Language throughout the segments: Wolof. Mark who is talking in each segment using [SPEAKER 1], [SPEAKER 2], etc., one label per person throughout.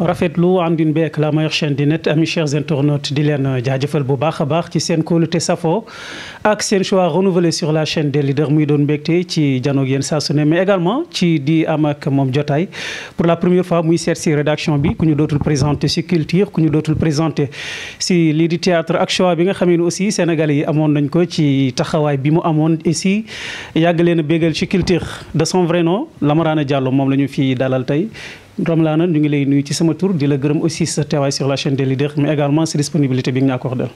[SPEAKER 1] rafetlu àndin beek la meilleure chaîne di net amis chers internautes di leen jaajëfal bu baax a baax ci seen kóolute safo ak seen choix renouvelé sur la chaîne des leaders muy doon mbégte ci janoog yéen saa su ne mais également ci di am ak moom jotaay pour la première fois muy seet si rédaction bi ku ñu dootul présenté si culture ku ñu dootul présenté si lii di théâtre ak choix bi nga xam ne aussi sénégal yi amoon nañ ko ci taxawaay bi mu amoon ici yàgg leen a bégal ci culture de son vrai nom Lamarana moom la ñu fi dalal tey Dom Lana ñu ngi lay nuyu ci sama tour gërëm aussi sa teewaay sur la chaîne des leaders mais également bi nga ñu accordé.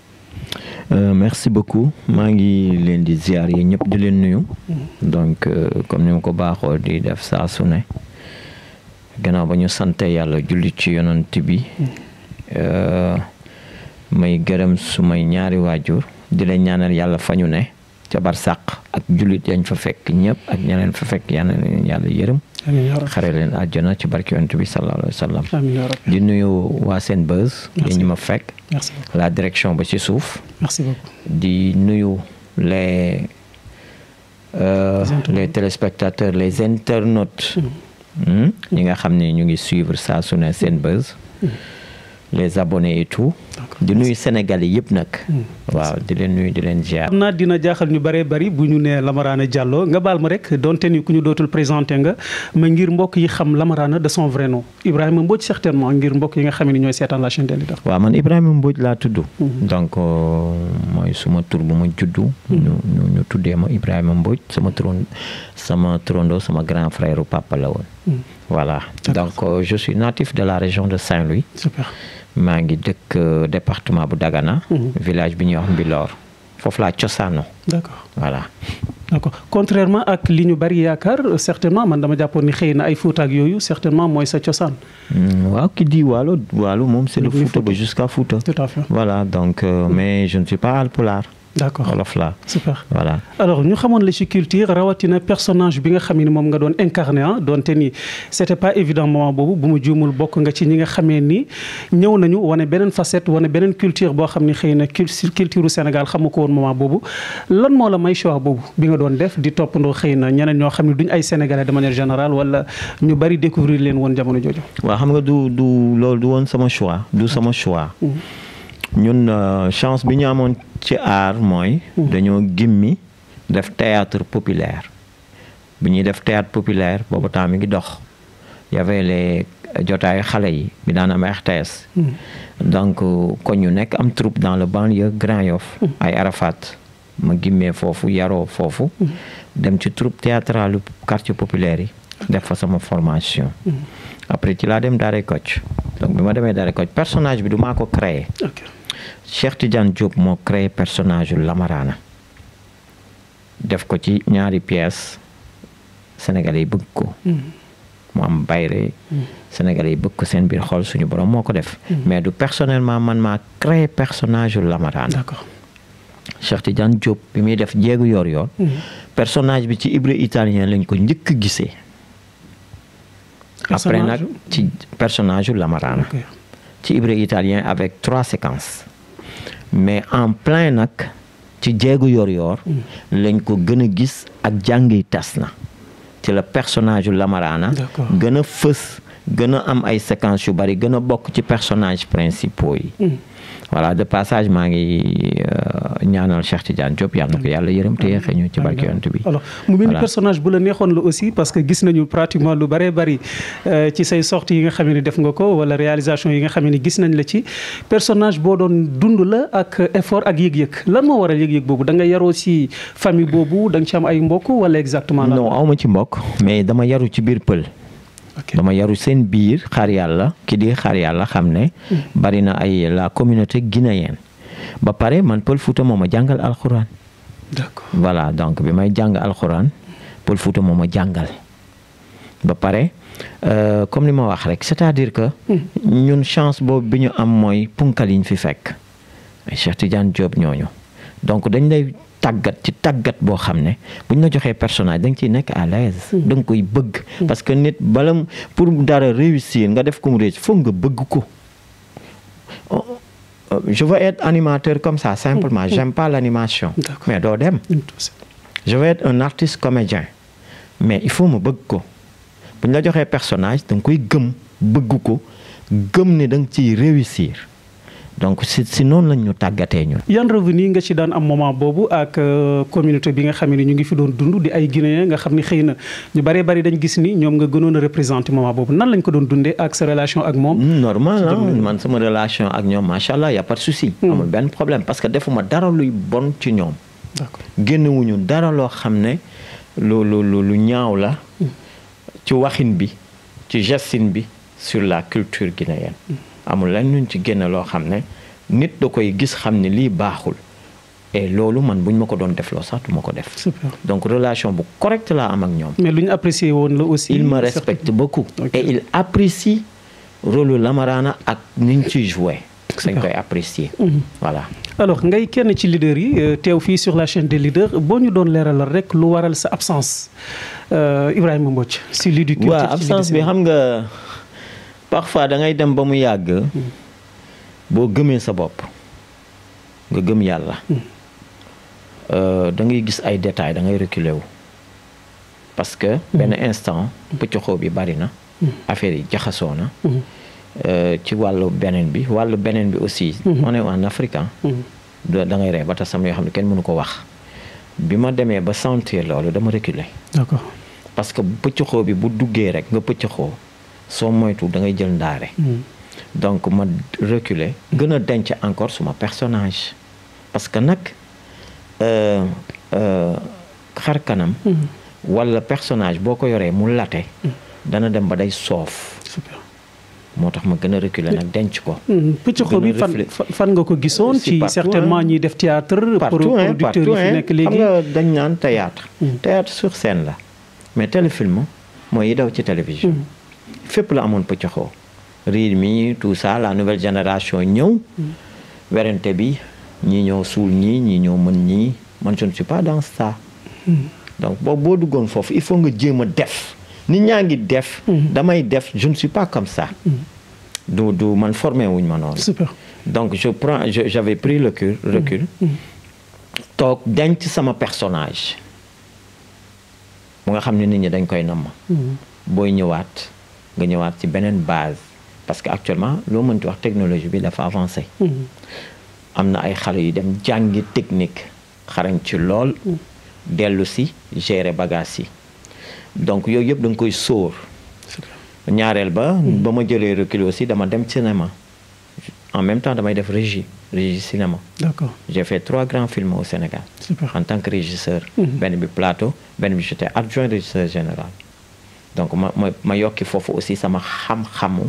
[SPEAKER 2] Euh, merci beaucoup maa ngi leen di ziar yi ñëpp di leen nuyu. Mm-hmm. donc euh, comme ni ma ko baaxoo di def saa su ne. gannaaw ba ñu sante yàlla julli ci yonant bi. Mm-hmm. Euh, may gërëm su may ñaari waajur di leen ñaanal yàlla fa ñu ne. ca barsàq ak jullit yañ fa fekk ñëpp ak ña fa fekk yal na leen yàlla yërëm xare leen àjjana ci barki yonent bi sallallahu alayhi wa sallam di nuyu waa seen Senbuzz dañu ma fekk la direction ba ci suuf di nuyu euh, les les téléspectateurs les internautes mm. hmm? ñi nga xam ne ñu ngi suivre saa su ne Senbuzz mm. les abonnés et tout. di nuyu Sénégalais yëpp nag. Hmm. waaw di leen nuyu di leen jaar. xam
[SPEAKER 1] naa dina jaaxal ñu bëree bari bu ñu nee Lamarana Diallo nga baal ma rek donte ni ku ñu dootul présenté nga ma ngir mbokk yi xam Lamarana de son vrai nom Ibrahima Mbodj certainement ngir mbokk yi nga xam ne ñooy seetaan la chaîne de leader.
[SPEAKER 2] waaw man Ibrahima Mbodj laa tudd. Hmm. donc euh, mooy suma tur bu ma juddu. Hmm. ñu tuddee ma Ibrahima mbooj sama turon sama turandoo sama grand frère papa la woon. Mm. voilà donc euh, je suis natif de la région de Saint-Louis. super maa ngi dëkk euh, département bu Dagana. Mm-hmm. village bi ñuy wax Mbilor foofu laa cosaano. d'accord voilà.
[SPEAKER 1] d'accord contrairement ak li ñu bari yaakaar certainement man dama jàppoon ni xëy na ay Fouta ak yooyu certainement
[SPEAKER 2] mooy sa cosaan. Mm, waaw ki di Waalo Waalo moom c'est le Fouta ba jusqu'à Fouta. tout à voilà donc euh, mm. mais je ne suis pas alpulaar. d'accord wolof la super voilà
[SPEAKER 1] alors ñu xamoon la ci culture rawatina personnage bi nga xam ni moom nga doon incarné ah doonte ni c'était pas évident moment boobu bu mu juumul ci culture boo xam ni xëy na culture Sénégal xamu ko woon moment boobu lan moo la may choix boobu bi nga doon def di toppandoo xëy na ñeneen ñoo xam ne duñ ay sénégalais de manière générale wala ñu bari découvrir leen
[SPEAKER 2] woon jamono jooju. waaw xam nga du du loolu du woon sama choix du sama choix. Mm-hmm. ñun euh, chance bi ñu amoon ci aar mooy dañoo gimmi def théâtre populaire bu ñuy def théâtre populaire boobu temps mi ngi dox y avait les jotaayu xale yi bi daan am RTS donc kon ñu nekk am troupe dans le banlieue Grand Yoff ay Arafat ma gimmee foofu yaroo foofu dem ci troupe théâtrale quartier populaire yi def fa sama formation après ci laa dem Daaray Kocc bi ma demee Daaray Kocc personnage bi du maa ko créé Cheikh Tidiane Diop moo créé personnage yu Lamarana def ko ci ñaari pièces sénégalais yi bëgg ko. Mm. mu am bayre mm. sénégalais yi bëgg ko seen biir xool suñu borom moo ko def. Mm. mais du personnellement man maa créé personnage yu bi muy def jéegu yoor yor personnage bi ci Ibra italien lañ ko njëkk gisee. après nag ci personnage yu ci Ibra italien avec trois séquences. mais en plein nag ci jéegu yor-yor. Mm. lañ ko gën a gis ak jàng yi tas na. ci la personnage Lamarana. gën a fës gën a am ay séquences yu bari gën a bokk ci personnage principaux yi. Mm. voilà de passage maa ngi euh, ñaanal Cheikh Tidiane Diop yal na ko yàlla yërëm te xëy ñu ci barke yonent bi. alors
[SPEAKER 1] mu mel ni bu la neexoon la aussi parce que gis nañu pratiquement lu bëree bëri euh, ci say sorties yi nga xam ne def nga ko wala réalisation yi nga xam ne gis nañ la ci personage boo doon dund la ak effort ak yëg-yëg lan moo waral yëg-yëg boobu da nga yaroo si famille boobu danga ci
[SPEAKER 2] am ay mbokk wala exactement. non aw ma ci mbokk mais dama yaru ci biir pël. dama yaru seen biir xaar yàlla ki di xaar yàlla xam ne hmm. bari na ay la communauté guinéenne ba pare man Pël Fuuta moom a jàngal alxuraan d'accord voilà donc bi may jàng alxuraan Pël Fuuta moo ma jàngal ba pare euh, comme ni ma wax rek c'est-à-dire que hmm. ñun chance boobu bi ñu am mooy punkal yi ñu fi fekk Cheikh Tidiane Diop ñooñu donc dañ lay tàggat ci tàggat boo xam ne bu ñu la joxee personnage danga ciy nekk à l'aise hmm. da nga koy bëgg hmm. parce que nit balam pour dara réussir nga def ko mu réussir foog nga bëgg ko oh, oh, je veux animateur comme ça simplement hmm. j'aime pas l'animation mais doo dem je veux être un artiste comédien mais il faut ma bëgg ko bu ñu la joxee personnage danga koy gëm bëgg ko gëm ne da ciy réussir donc si si noonu lañ ñu tàggatee ñu
[SPEAKER 1] yan revenu nga ci daan am moment boobu ak euh, communauté bi nga xam ne ñu ngi fi doon dund di ay Guinéens nga xam ni xëy na ñu bëree bëri dañ gis ni ñoom nga gënoon a représenté moment boobu nan lañ
[SPEAKER 2] ko doon dundee ak sa relation ak moom. Hmm, normal ah, man sama relation ak ñoom macha allah y' a moom de hmm. benn problème parce que defuma dara luy bon ci ñoom. génnewuñu dara loo xam ne lu ñaaw la. Hmm. ci waxin bi ci gestin bi sur la culture guinéenne. amul lan luñ ci génne loo xam ne nit da koy gis xam ne lii baaxul et loolu man buñ ma ko doon def loo sax du ma ko def. super donc relation bu correcte laa am ak ñoom.
[SPEAKER 1] mais ñu apprécier woon la
[SPEAKER 2] aussi. il me respecte beaucoup. Okay. et il apprécie rôle Lamarana ak niñ ciy joué. sañ koy apprécier. Mhm. voilà.
[SPEAKER 1] alors ngay kenn ci leader yi euh, teew fii sur la chaîne des boo ñu doon leeralal rek lu waral sa absence euh, Ibrahima Mbodj. si li du absence bi xam
[SPEAKER 2] nga. parfois da ngay dem ba mu yàgg boo gëmee sa bopp nga gëm yàlla euh, da ngay gis ay détails da ngay reculer wu parce que benn instant pëccoxoo bi bari na affaire yi jaxasoo na euh, ci wàllu beneen bi wàllu beneen bi aussi on est en Afrique da ngay ree ba tax sama yoo xam ne kenn mënu ko wax bi ma demee ba sentir loolu dama recule d'accord parce que pëccoxoo bi bu duggee rek nga pëccoxoo soo moytu da ngay jël ndaare hmm. donc ma reculer gën a denc encore suma personnage parce que nag euh, euh, xar kanam hmm. wala personnage boo ko yoree mu late hmm. dana dem ba day soof moo tax ma gën a reculer nag denc ko. pëcc xoo fan nga ko
[SPEAKER 1] gisoon. ci certainement ñuy def théâtre. partout hein producteurs yi nekk léegi.
[SPEAKER 2] dañ naan théâtre. théâtre sur scène la mais téléfilm mooy yi ci télévision. fépp la amoon pëccaxoo riir mi tout ça la nouvelle génération ñëw mm. werante bi ñii ñëw suul ñii ñii ñëw mën ñii man je ne suis pas dans ça mm. donc boobu boo duggoon foofu il faut nga jéem a def nit ñaa ngi def mm. damay def je ne suis pas comme ça du du man formé wuñ ma noonu donc je prends j'avais pris le recul recul toog denc sama personnage mu nga xam ne nit ñi dañ koy namm booy ñëwaat nga ñëwaat ci beneen base parce que actuellement loo mënti wax technologie bi dafa avancé mm-hmm. am na ay xale yu dem jàngi technique xarañ ci lool mm-hmm. dellu si gere bagage yi donc yooyu yëpp da nga koy sóor ñaareel ba mm-hmm. ba ma jëlee recul aussi dama dem cinéma en même temps damay def régie régie cinéma d'accord j'ai fait trois grands films au Sénégal Super. en tant que régisseur benn bi plateau benn bi j'étais adjoint régisseur général donc ma ma ma yokki foofu aussi sama xam-xamu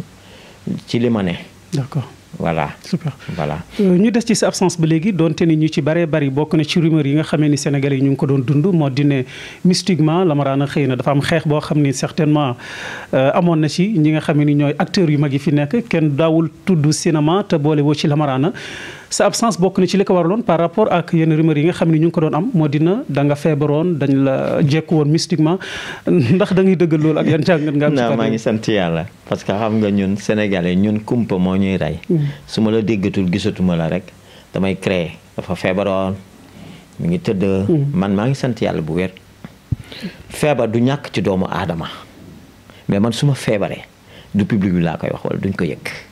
[SPEAKER 2] ci li ma ne. d'accord. voilà super voilà.
[SPEAKER 1] Euh, ñu des ci sa absence ba léegi donte ni ñu ci bare bari bokk na ci rumeur yi nga xamee ni sénégalais yi ñu ngi ko doon dund moo di ne mystiquement Lamarana xëy na dafa am xeex boo xam ni certainement euh, amoon na ci ñi nga xam ni ñooy acteur yu mag yi fi nekk kenn daawul tudd cinéma te boole woo ci Lamarana. sa absence bokk na ci li ko war waraloon par rapport ak yenn rumeurs yi nga xam ne ñu ngi ko doon am moo dina da nga feebaroon dañ la jekku woon mystiquement ndax da ngay dëggal loolu
[SPEAKER 2] ak yan jàngat nga am. non maa ngi sant yàlla parce que xam nga ñun sénégalais ñun kumpa moo ñuy rey. Mm. su ma la déggatul gisatuma la rek damay créer dafa feebaroon mu ngi tëdd. Mm. man maa ngi sant yàlla bu wér. feebar du ñàkk ci doomu aadama mais man suma feebaree du public bi laa koy wax wala duñ ko yëg.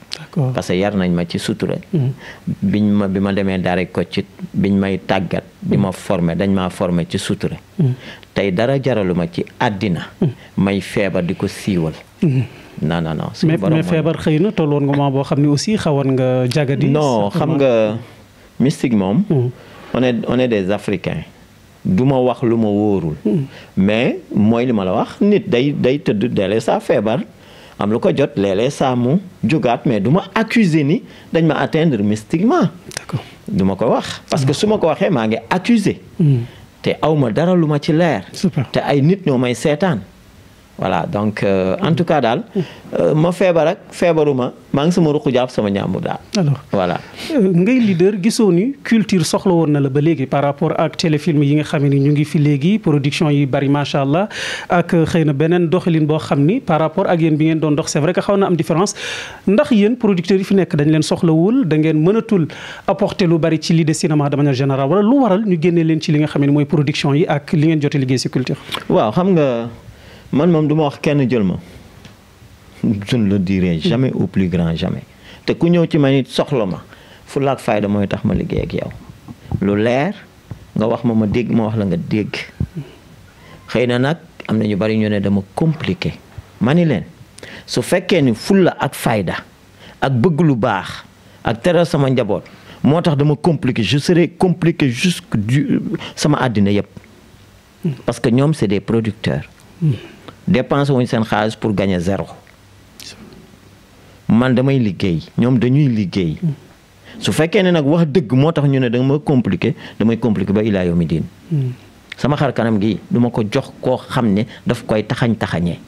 [SPEAKER 2] parce que yar nañ ma ci sutura mm-hmm. biñ ma bi ma demee daara ko ci biñ may tàggat di ma mm-hmm. formé dañ maa formé ci sutura mm-hmm. tey dara jaraluma ci àddina may feebar di ko siiwal non non non su borom mais feebar
[SPEAKER 1] xëy na tolloon nga moment boo xam ne aussi xawoon nga jagadi non xam nga
[SPEAKER 2] mystique moom on est des africains du ma wax lu ma wóorul mais mooy li ma la wax nit day day tëdd dele saa feebar am lu ko jot léeg-léeg saa mu jógaat mais du accuser ni dañ ma atteindre mystiquement du ma ko wax parce que su ma ko waxee maa ngi accuser hmm. te awma dara lu ma ci leer te ay nit ñoo may seetaan voilà donc euh, en tout cas daal euh, ma feebar ak feebaruma maa ngi sama ruqu jàpp sama ñàmbu daal. alors voilà.
[SPEAKER 1] Euh, ngay leader gisoo ni culture soxla woon na la ba léegi par rapport ak téléfilm yi nga xam ni ñu ngi fi léegi production yi bari macha allah ak xëy na beneen doxalin boo xam ni par rapport ak yéen bi ngeen doon dox c'est vrai que xaw na am différence ndax yéen producteurs yi fi nekk dañ leen soxlawul da ngeen mënatul apporter lu bari ci lii de cinéma de manière générale wala lu waral ñu génnee leen ci li nga xam ne mooy production yi ak li ngeen jotee liggéey
[SPEAKER 2] si xam nga. man moom du ma wax kenn jël ma je ne le dirai jamais au plus grand jamais te ku ñëw ci man it soxla ma fulla ak fayda mooy tax ma liggéey ak yow lu leer nga wax ma ma dégg ma wax la nga dégg xëy na nag am na ñu bari ñu ne dama compliqué ma ni leen su fekkee ni la ak fayda ak bëgg lu baax ak teral sama njaboot moo tax dama compliqué je serai compliqué jusque du sama àddina yëpp parce que ñoom c'est des producteurs hmm. dépense wuñ seen xaalis pour gagner zéro man damay liggéey ñoom dañuy liggéey su fekkee ne nag wax dëgg moo tax ñu ne dama compliqué damay compliqué ba ilaa yawmi diin sama xar kanam gi duma ko jox koo xam ne daf koy taxañ taxañee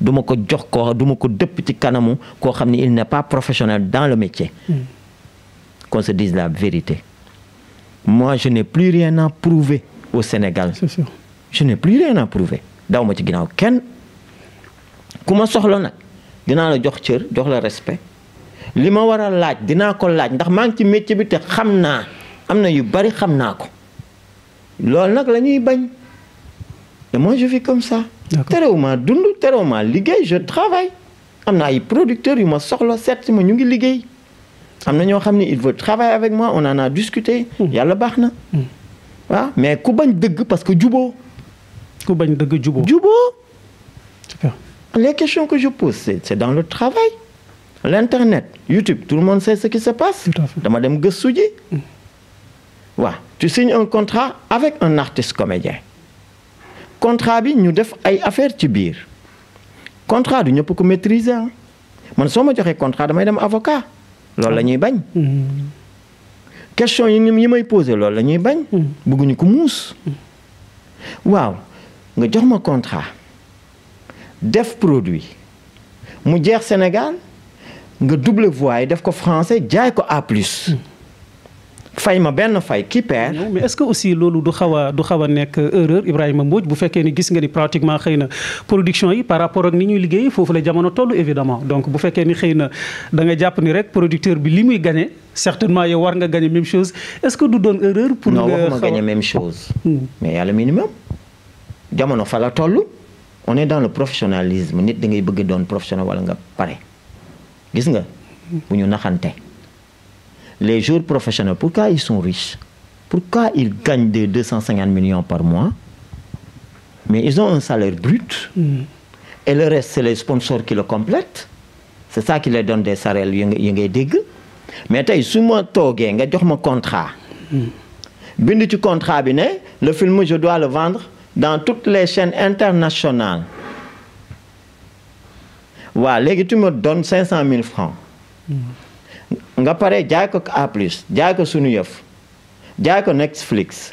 [SPEAKER 2] du ma ko jox ko duma ko dëpp ci kanamu koo xam ne il n'est pas professionnel dans le métier qu'on se dise la vérité moi je n'ai plus rien à au Sénégal je n'ai plus rien à prouver daw ma ci ginnaaw kenn ku soxla nag dinaa la jox cër jox la respect li ma war a laaj dinaa ko laaj ndax maa ngi ci métier bi te xam naa am na yu bari xam naa ko loolu nag la ñuy bañ et moi je vis comme ça. terewuma dund terewuma liggéey je travaille am na ay producteurs yu ma soxla set ma ñu ngi liggéey am na ñoo xam ne il veut travailler avec moi on en a discuté. Hmm. yàlla baax na. Hmm. waaw mais ku bañ dëgg parce que juboo. ku bañ dëgg juboo juboo. les questions que je pose c'est dans le travail l'internet YouTube tout le monde sait ce qui se passe dama dem gëstu ji mm. waaw tu signes un contrat avec un artiste comédien contrat bi ñu def ay affaire ci biir contrat du ñëpp ko maîtriser ah man soo ma joxee contrat damay dem avocat loolu la ñuy bañ mm. question yi yi may posé loolu la ñuy bañ mm. bëgguñu ko muus waaw nga jox ma contrat def produit mu jeex Sénégal nga duble voie yi def ko français jaay ko à plus mm.
[SPEAKER 1] fay ma benn fay qui perd. mais est-ce que aussi loolu du xaw a du xaw a nekk erreur Ibrahima Mbodj bu fekkee ni gis nga ni pratiquement xëy na production yi par rapport ak ni ñuy liggéey foofu la jamono toll évidemment donc bu fekkee ni xëy na danga nga jàpp ni rek producteur bi li muy gagné certainement yow war nga gagné même chose est-ce que du doon erreur. pour nga xaw non waxuma gagné même chose. Mm.
[SPEAKER 2] mais yàlla jamono fa toll. on est dans le professionnalisme nit da ngay bëgg doon professionnel wala nga pare gis nga bu ñu naxante les joueurs professionnels pourquoi ils sont riches pourquoi ils gagnent des 250 millions par mois mais ils ont un salaire brut mm. et le reste c'est les sponsors qui le complètent c'est ça qui les donne des salaires yu yu ngay dégg mais tey su ma toogee nga jox ma contrat mm. bind ci contrat bi ne le film je dois le vendre dans toutes les chaines internationales waa léegi tu me donnes cinq cent mille francs nga pare jaay ko A plus jaay ko sunu yëf jaay ko Netflix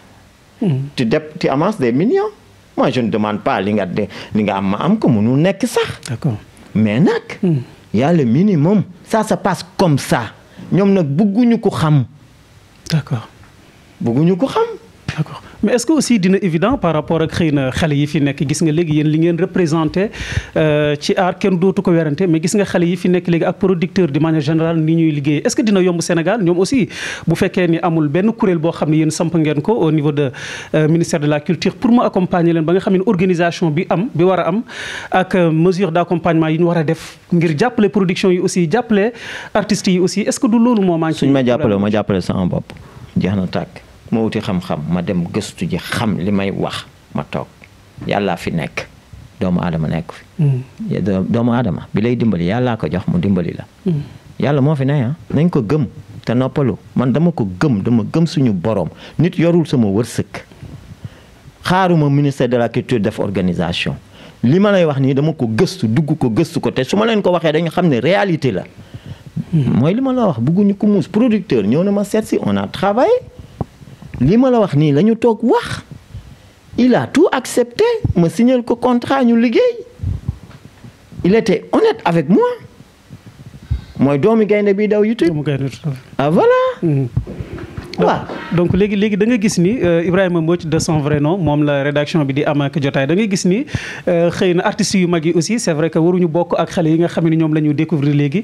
[SPEAKER 2] hmm. tu dep tu amasses des millions moi ne demande pas li nga de li nga am ma am ko mënul nekk sax d'accord mais nag hmm. y a le minimum ça se passe comme ça ñoom nag bëgguñu ko xam d'accord bëgguñu ko xam
[SPEAKER 1] mais est-ce que aussi dina évident par rapport ak xëy na xale yi fi nekk gis nga léegi yéen li ngeen représenté euh, ci aar kenn dootu ko werante mais gis nga xale yi fi nekk léegi ak producteur de manière générale ni ñuy liggéey est-ce que dina yomb Sénégal ñoom aussi bu fekkee ni amul benn kuréel boo xam ne yéen samp ngeen ko au niveau de euh, ministère de la culture pour mu accompagner leen ba nga xam organisation bi am bi war a am ak euh, mesure d'accompagnement yi ñu war a def ngir jàppale production yi aussi jàppale artistes yi aussi est-ce que du loolu moo suñ ma jàppale ma
[SPEAKER 2] jàppale sama bopp jeex na tàkk ma wuti xam-xam ma dem gëstu ji xam li may wax ma toog yàllaa fi nekk doomu adama nekk fi
[SPEAKER 3] mm.
[SPEAKER 2] doomu aadama bi lay dimbali yàllaa ko jox mu dimbali la mm. yàlla moo fi ne ah nañ ko gëm te noppalu man dama ko gëm dama gëm suñu borom nit yorul sama wërsëg xaaruma ministère de la culture def organisation li ma lay wax nii dama ko gëstu dugg ko gëstu ko te su ma leen ko waxee dañu xam ne réalité la mm. mooy li ma la wax bëgguñu ko producteur ñëw na ma seet si a travaillé li ma la wax nii lañu toog wax il a tout accepté ma signal ko contrat ñu liggéey il était honnête avec moi mooy doomi gaynde bii daw YouTube ah voilà mm-hmm.
[SPEAKER 1] waaw donc léegi léegi da nga gis ni euh, Ibrahima Mbodj de son vrai nom moom la rédaction bi di am ak jotaay da gis ni euh, xëy na artistes yu mag yi aussi c'est vrai que waruñu bokk ak xale yi nga xam ne ñoom lañu ñu découvrir léegi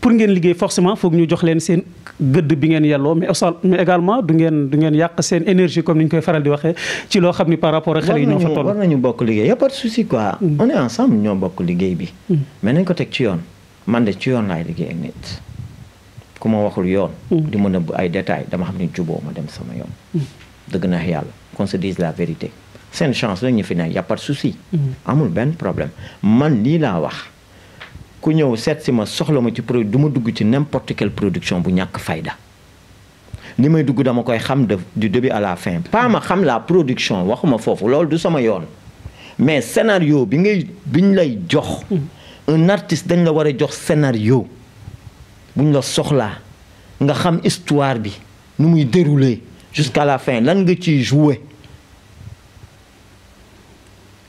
[SPEAKER 1] pour ngeen liggéey forcément foog ñu jox leen seen gëdd bi ngeen yelloo mais aussi également du ngeen du ngeen yàq seen énergie comme ni ñu koy faral di waxee ci loo xam ni par rapport ak xale yi ñoo fa toll war
[SPEAKER 2] nañu bokk liggéey y a pas de mm. mm. ko teg ci yoon man de ci yoon laay liggéey ak nit ku ma waxul yoon. Mm. di ma nëbb ay détails dama xam ne juboo ma dem sama yoon. Mm. dëgg na yàlla qu'on se dise la vérité seen chance la ñu fi ne y' a pas de mm. amul benn problème man lii laa wax ku ñëw seet si ma soxla ma ci du ma dugg ci n'importe quelle production bu ñàkk fayda. li may dugg dama koy xam de du début à la fin pas ma xam la production waxuma foofu loolu du sama yoon mais scénario bi ngay bi ñu lay jox. n artiste dañ la war a jox scénario. buñ la soxlaa nga xam histoire bi nu muy dérouler jusqu'à la fin lan nga ciy jouer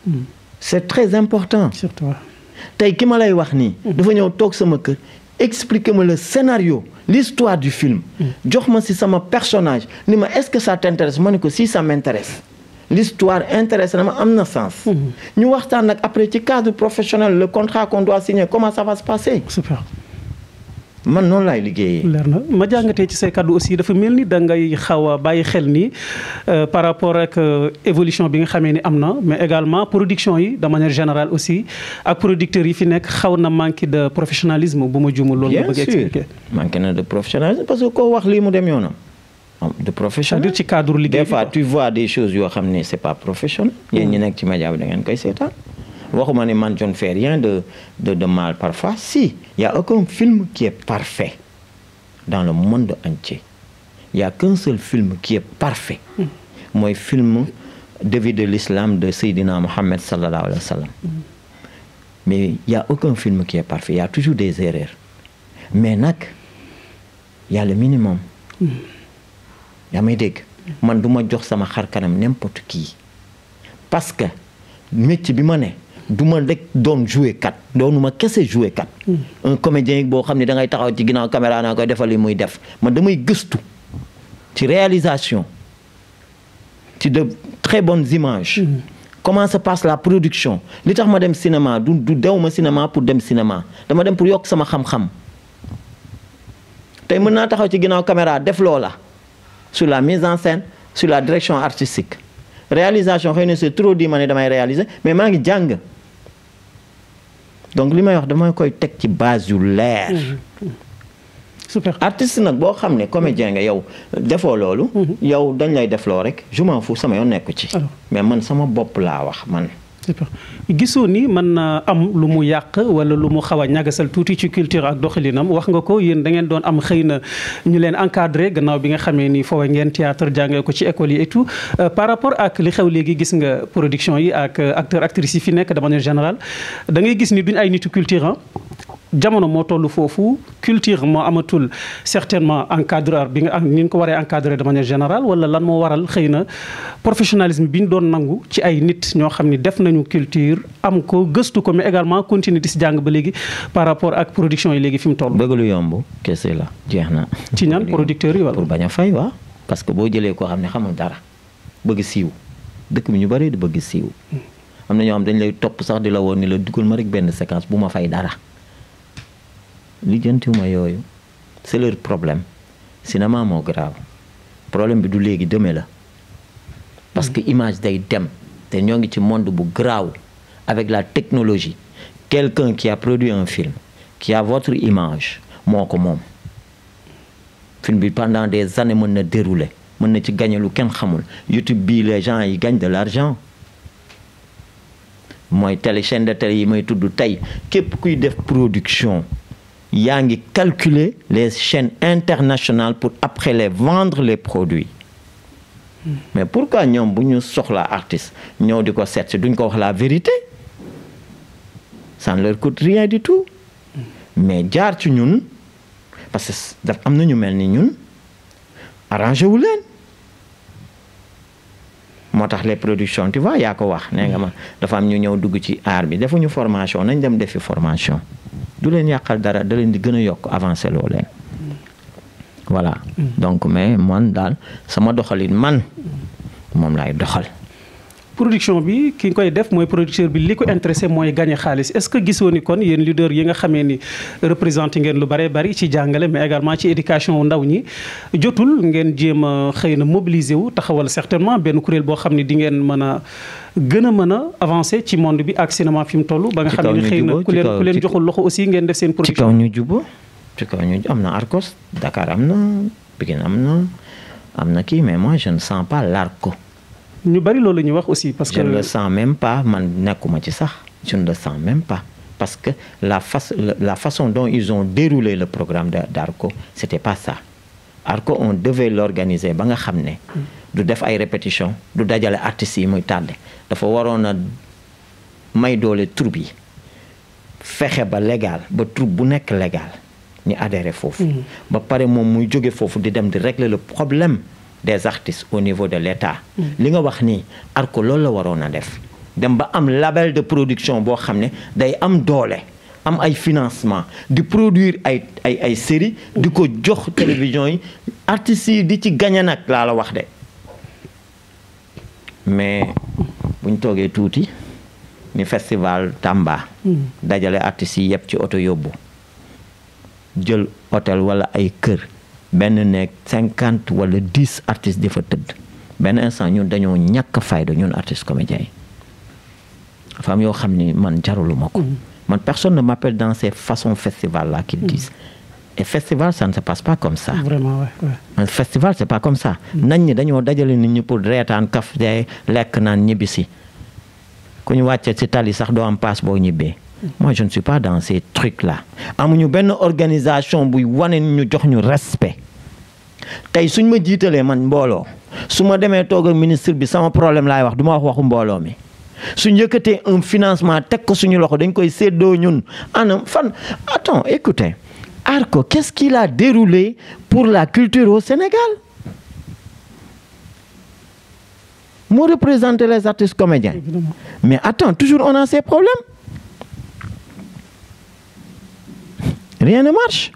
[SPEAKER 2] hmm. c'est très important. surtout tey ki ma lay wax nii. Hmm. dafa ñëw toog sama kër. expliquez ma la scénario l'histoire du film hmm. jox ma si sama personnage ni ma est-ce que ça ma ne ko si ça m'intéresse l'histoire intéresse na ma am na sens ñu waxtaan nag après ci cadre professionnel le contrat qu'on doit signer comment ça va se passer
[SPEAKER 1] man noonu laay liggéeyee. leer na ma jàngatee ci say kàddu aussi dafa mel ni da ngay xaw a bàyyi xel ni euh, par rapport ak euh, évolution bi nga xamee ni am na mais également production yi de manière générale aussi ak producteurs yi fi nekk xaw na manqué de professionnalisme bu ma juumul. loolu nga bëgg expliquer
[SPEAKER 2] manqué na wax lii mu dem yoonam. de professionnel c'est-à-dire ci cadre liggéey des fois tu vois des choses yoo xam ne c'est pas professionnel. Hmm. yéen ñi nekk ci média bi da ngeen koy seetaan. ma ne man je ne fais rien de de de mal parfois si y a film qui est parfait dans le monde entier y a film qui est parfait mooy film de de l'islam de Seydina Mohammed sallallahu alayhi wa sallam mais y a film qui est parfait y toujours des mais nag y a le minimum yaa may dégg man du jox sama xar kanam n'importe qui parce que métier bi ma ne du ma rek doon jouer kat nu ma kese jouer kat. Hmm. un comédien boo xam ne da ngay taxaw ci ginnaaw caméra naa koy defal muy def ma damay gëstu ci réalisation ci de très bonnes images. Hmm. comment se passe la production li tax ma dem cinéma du du dew ma cinéma pour dem cinéma dama dem pour yokk sama xam-xam tey mën naa taxaw ci ginnaaw caméra def loola sur la mise en scène sur la direction artistique réalisation xëy na c'est trop dit ma ne damay réaliser mais maa ngi jàng. donc li may wax dama koy teg ci base yu leer. Mmh,
[SPEAKER 3] mmh.
[SPEAKER 2] super artiste nag boo xam ne comédien nga yow defoo loolu. Mmh. yow dañ lay def defloo rek je m'en sama yoon nekku ci. mais man sama bopp laa wax man.
[SPEAKER 1] gisoo ni mën na am lu mu yàq wala lu mu xaw a ñagasal tuuti ci culture ak doxalinam wax nga ko yéen da ngeen doon am xëy na ñu leen encadré gannaaw bi nga xamee ni foofu ngeen théâtre jàngee ko ci école yi et euh, par rapport ak li xew léegi gis nga production yi ak euh, acteur actrice yi fi nekk de manière générale da ngay gis ni duñ ay nitu culture jamono moo toll foofu culture moo amatul certainement encadreur bi nga ni ñu ko waree encadrer de manière générale wala lan moo waral xëy na professionnalisme bi ñu doon nangu ci ay nit ñoo xam ni def nañu culture am ko gëstu ko mais également continuer di si jàng ba léegi par rapport ak production
[SPEAKER 2] yi léegi fi mu toll. bëgg lu yomb kese la jeex na. ci ñaan producteurs yi wala. pour bañ a fay waaw parce que boo jëlee koo xam ne xamul dara bëgg siiw dëkk bi ñu bari di bëgg siiw. Hmm. am na ñoo xam dañ lay topp sax di la woon ni la dugal ma rek benn séquence bu ma fay dara. lijjantiwuma yooyu c'est leur problème cinéma moo grave problème bi du léegi demee la parce que image day dem te ñoo ngi ci monde bu grave avec la technologie quelqu'un ki a produit un film qui a votre image moo ko moom film bi pendant des années mën na dérouler mën na ci gagner lu kenn xamul YouTube bii les gens yi gagnent de l'argent mooy télé chaîne de télé yi mooy tudd tey képp kuy def production yaa ngi calculer les chaînes internationales pour après les vendre les produits mm. mais pourquoi ñoom bu ñu soxla artiste ñëw di ko seet si duñ ko wax la vérité san ne leur coûte rien du tout mais jaar ci ñun parce que daf am na ñu mel ni ñun arrangé wu leen moo tax les production tu vois yaa ko wax nee nga ma dafa am ñu ñëw dugg ci art bi defuñu formation nañ dem defi formation. du leen yàqal dara da leen di gën a yokk avancé loole leen voilà mm. donc mais man daal sama doxalin man moom laay doxal production bi ki koy
[SPEAKER 1] def mooy producteur bi li ko intéressé mooy gagné xaalis est-ce que gisoo ni kon yéen leader yi nga xamee ni représenté ngeen lu bare bari ci jàngale mais également ci éducation ndaw ñi jotul ngeen jéem a xëy na mobiliser wu taxawal certainement benn kuréel boo xam ne di ngeen mën a gën a mën a avancer ci monde bi ak cinéma fi mu toll. ba nga xam ne xëy na ku leen joxul loxo aussi ngeen def seen. production ci kaw
[SPEAKER 2] ñu jubbo am na Arcos Dakar am na Pikine am na am na kii mais moi je ne sens pas ñu bari loolu la wax aussi. parce que je ne le sens même pas man nekkuma ci sax ne le sens même pas parce que la face la façon dont ils ont déroulé le programme de d'Arco c'était pas ça Arco on devait l'organiser ba nga xam ne. du def ay répétition du dajale artistes yi muy tardé dafa waroon a may doole troupe yi fexe ba légal ba troupe bu nekk légal ñu adhéré foofu. Mm-hmm. ba pare moom muy jóge foofu di dem di régler le problème. des artistes au niveau de l'État. Mm. li nga wax nii ARCO loolu la waroon a def dem ba am label de production boo xam ne day am doole am ay financement di produire ay ay ay série di ko jox télévision yi artistes yi di ci gañe nag laa la wax de mais buñ toogee tuuti ni festival tàmba mm. dajale artistes yi yëpp ci oto yóbbu jël hôtel wala ay kër benn nekk cinquante wala dix artistes di fa tëdd benn instant ñun dañoo ñàkk fayda ñun artistes comédiens yi dafa am yoo xam ni man jaruluma ko. Mm. man personne ne m'appelle dans ces façons festival là qu'ils mm. disent. et festival ça ne se passe pas comme ça.
[SPEAKER 1] Mm.
[SPEAKER 2] nañ ñi dañoo dajale nit ñi pour reetaan kaf day lekk naan ñibbisi ku ñu wàccee si tali sax doo am paas boo ñibbee. moo je ne suis pas dans ces trucs là amuñu benn organisation buy wane ñu jox ñu respect tey suñ ma jiitalee man mbooloo su ma demee toog ak ministre bi sama problème laay wax du ma wax waxu mbooloo mi suñ yëkkatee un financement teg ko suñu loxo dañ koy séddoo ñun anam fan attends écoutez ARCO qu'est-ce qu'il a déroulé pour la culture au Sénégal moo représente les artistes comédiens mais attends toujours on a ces problèmes
[SPEAKER 1] rien ne marche.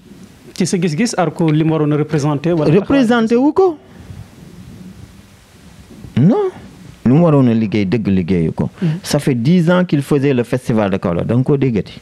[SPEAKER 1] ci sa gis-gis ARCO li mu waroon a représenté. wala représenté wu ko
[SPEAKER 2] non. lu mu waroon a liggéey dëgg liggéeyu ko. Mm-hmm. ça fait dix ans qu'il faisait le festival de Kaolack da nga koo déggati.